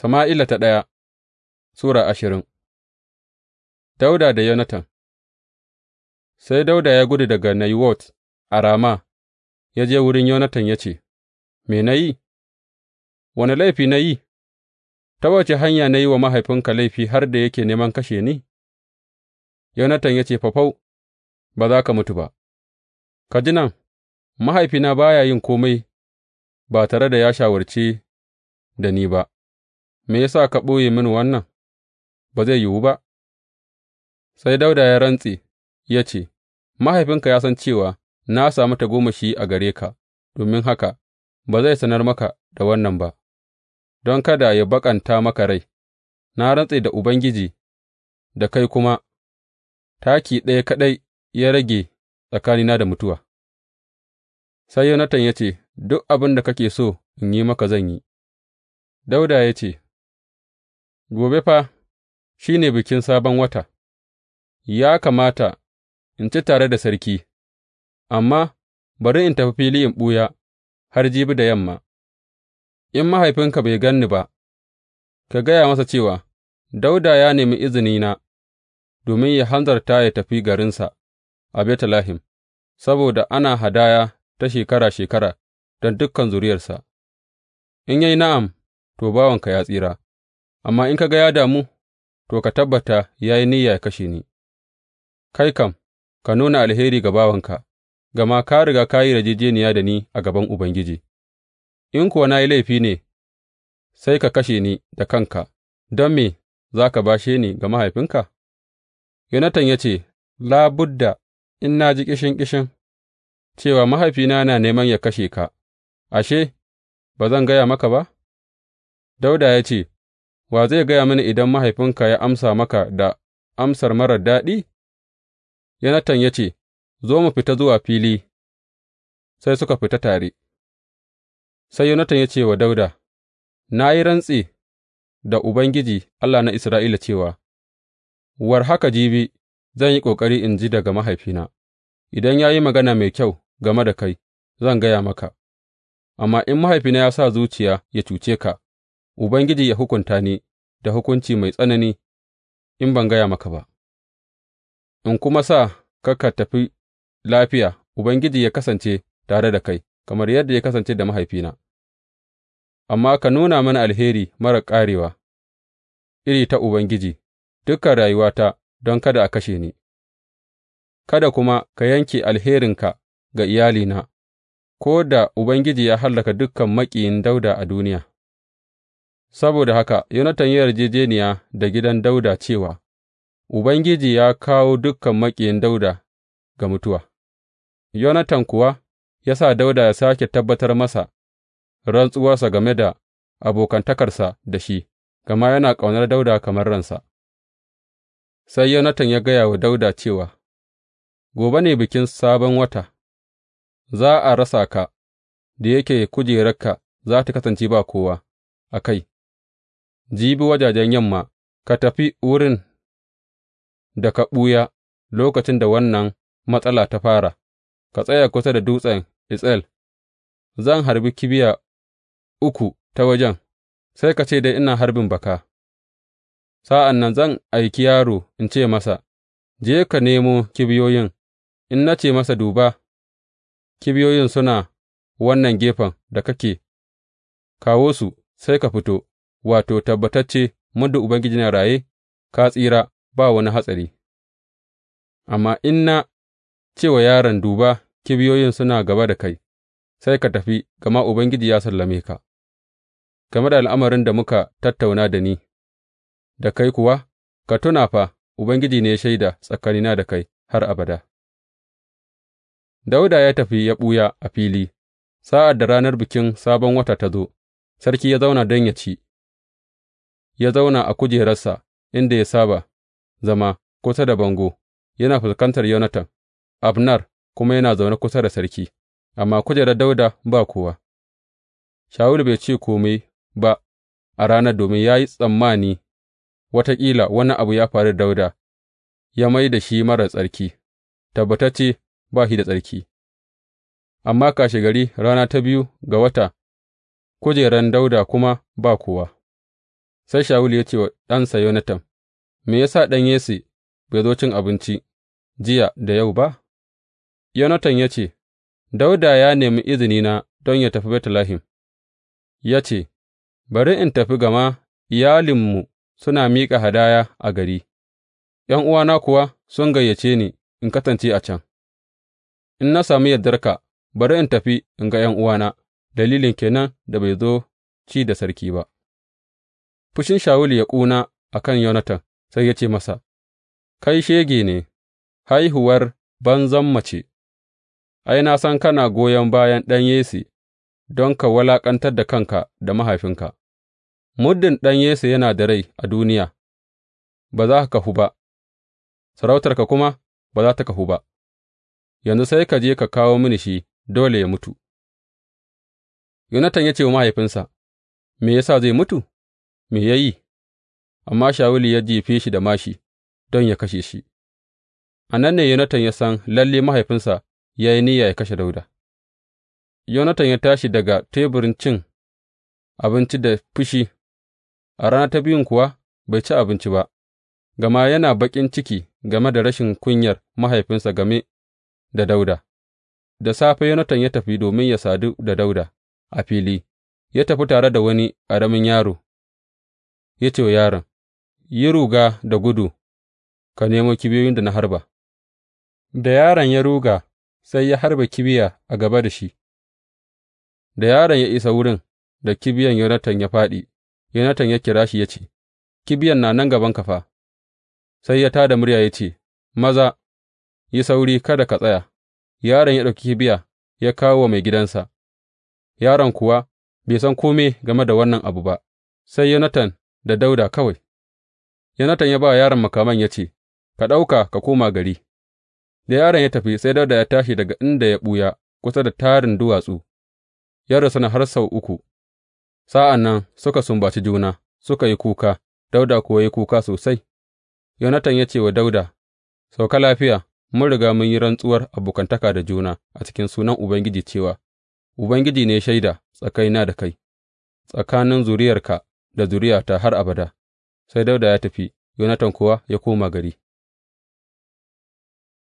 Sama'ila ta ɗaya Sura ashirin Dauda da Yonatan Sai Dauda ya gudu daga Naiwot a Rama, ya je wurin Yonatan ya ce, Me na yi, wane laifi na yi, ta wace hanya na yi wa mahaifinka laifi har da yake neman kashe ni? Yonatan ya ce, Fafau, ba za ka mutu ba, ka ji nan, mahaifina ba ya yin komai. ba tare da ya shawarce da ni ba. Me ya sa ka ɓoye mini wannan, ba zai yiwu ba?’ Sai Dawuda ya rantse ya ce, Mahaifinka ya san cewa na sami tagomashi a gare ka, domin haka ba zai sanar maka da wannan ba, don kada ya baƙanta maka rai, na rantse da Ubangiji da kai kuma, taki ɗaya kaɗai ya rage tsakanina da mutuwa. Sai Yonatan ya ce, Duk abin da kake so in yi maka zan yi, Dauda ya ce, Gobe fa shi ne Bikin Sabon Wata, ya kamata in ci tare da sarki, amma bari in tafi fili in ɓuya har jibi da yamma, in mahaifinka bai gan ni ba, ka gaya masa cewa, Dauda ya nemi izinina domin ya hanzarta ya tafi garinsa a Betlehem, saboda ana hadaya ta shekara-shekara don dukkan zuriyarsa, in ya yi na'am, to, bawanka ya tsira. Amma in ka ga ya damu, to, ka tabbata ya yi niyya yă kashe ni, kai kam, ka nuna alheri ga bawanka, gama ka riga ka yi yarjejjeniya da ni a gaban Ubangiji, in kuwa na yi laifi ne, sai ka kashe ni da kanka, don me za ka bashe ni ga mahaifinka? Yonatan ya ce, Labudda, in na ji ƙishin-ƙishin cewa mahaifina yana neman ya kashe ka, ashe, ba zan gaya maka ba? Dauda ya ce. Wa zai gaya mini idan mahaifinka ya amsa maka da amsar marar daɗi? Yonatan ya ce, Zo mu fita zuwa fili, sai suka fita tare. Sai Yonatan ya ce wa Dauda. Na yi rantse da Ubangiji Allah na Isra'ila cewa, War haka jibi zan yi ƙoƙari in ji daga mahaifina, idan ya yi magana mai kyau game da kai, zan gaya maka, amma in mahaifina ya sa zuciya ya cuce ka, Ubangiji ya hukunta ni da hukunci mai tsanani in ban gaya maka ba, in kuma sa ka ka tafi lafiya, Ubangiji ya kasance tare da kai, kamar yadda ya kasance da mahaifina, amma ka nuna mana alheri marar ƙarewa, iri ta Ubangiji, dukan rayuwata don kada a kashe ni, kada kuma ka yanke alherinka ga iyalina, ko da Ubangiji ya hallaka dukan maƙiyin Dauda a duniya. Saboda haka Yonatan ya yarjejeniya da gidan Dauda cewa, Ubangiji ya kawo dukan maƙiyin Dauda ga mutuwa, Yonatan kuwa ya sa Dawuda ya sake tabbatar masa rantsuwarsa game da abokantakarsa da shi, gama yana ƙaunar Dauda kamar ransa. Sai Yonatan ya gaya wa Dauda cewa, Gobe ne bikin Sabon Wata, za a rasa ka, da yake kujerarka za ta kasance ba kowa a kai. jibi wajajen yamma, ka tafi wurin da ka ɓuya lokacin da wannan matsala ta fara, ka tsaya kusa da dutsen Itsel, zan harbi kibiya uku ta wajen, sai ka ce dai ina harbin baka, sa'an nan zan aiki yaro in ce masa, Je ka nemo kibiyoyin, in na ce masa duba, kibiyoyin suna wannan gefen da kake, kawo su, sai ka fito. wato, tabbatacce muddin Ubangiji na raye, ka tsira ba wani hatsari, amma in na cewa wa yaron Duba, kibiyoyin suna gaba da kai, sai ka tafi, gama Ubangiji ya sallame ka, game da al'amarin da muka tattauna da ni, da kai kuwa, ka tuna fa, Ubangiji ne shaida tsakanina da kai har abada. Dauda ya tafi ya ɓuya a fili, sa'ad da ranar bikin Sabon Wata ta zo, sarki ya zauna don ya ci. ya zauna a kujerarsa inda ya saba zama, kusa da bango, yana fuskantar Yonatan, Abner kuma yana zaune kusa da sarki, amma kujerar Dauda ba kowa. Shawulu bai ce kome ba a ranar domin ya yi tsammani wataƙila wani abu ya faru da Dawuda ya mai da shi marar tsarki, tabbatacce ba shi da tsarki. Amma kashegari rana ta biyu ga wata, kujeran Dauda kuma ba kowa. Sai Shawulu ya ce wa ɗansa Yonatan, Me ya sa ɗan Yesse bai zo cin abinci jiya da yau ba? Yonatan ya ce, Dauda ya nemi izinina don ya tafi Betlehem, ya ce, Bari in tafi gama iyalinmu suna miƙa hadaya a gari, uwana kuwa sun gayyace ni in kasance a can, in na sami yardarka, bari in tafi in ga uwana, dalilin kenan da bai zo ci da sarki ba. Fushin Shawulu ya ƙuna a kan Yonatan, sai ya ce masa, Kai shege ne, haihuwar banzan mace, ai, na san kana goyon bayan ɗan Yesse don ka walaƙantar da kanka da mahaifinka, muddin ɗan Yesse yana da rai a duniya, ba za ka kahu ba, sarautarka kuma ba za ta kahu ba, yanzu sai ka je ka kawo mini shi dole ya mutu. Yonatan ya ce wa mahaifinsa, Me ya sa zai mutu? me ya yi, amma Shawulu ya jefe shi da mashi, don ya kashe shi, a nan ne Yonatan ya san lalle mahaifinsa ya yi niyya ya kashe dauda. Yonatan ya tashi daga teburin cin abinci da fushi, a rana ta biyun kuwa bai ci abinci ba, gama yana baƙin ciki game da rashin kunyar mahaifinsa game da dauda. Da safe Yonatan ya tafi domin ya sadu da dauda a fili, ya tafi tare da wani ƙaramin yaro ya ce wa yaron, Yi ruga da gudu ka nemo kibiyoyin da na harba, da yaron ya ruga, sai ya harba kibiya a gaba da shi, da yaron ya isa wurin da kibiyan Yonatan ya fāɗi, Yonatan ya kira shi ya ce, Kibiyan na nan gaban kafa. sai ya tā da murya ya ce, Maza, yi sauri kada ka tsaya, yaron ya ɗauki kibiya ya kawo wa mai gidansa. yaron kuwa bai san kome game da wannan abu ba, sai Yonatan da Dawuda kawai, Yonatan ya ba wa yaron makaman ya ce, Ka ɗauka ka koma gari, da yaron ya tafi sai Dawuda ya tashi daga inda ya ɓuya kusa da tarin duwatsu, ya rusuna har sau uku, sa'an nan suka sumbaci juna, suka yi kuka, Dawuda kuwa ya yi kuka sosai. Yonatan ya ce wa Dawuda, Sauka lafiya, mun riga mun yi rantsuwar abokantaka da juna a cikin sunan Ubangiji cewa, Ubangiji ne shaida tsakanina da kai, tsakanin zuriyarka da zuriyata har abada, sai Dawuda ya tafi, Yonatan kuwa ya koma gari.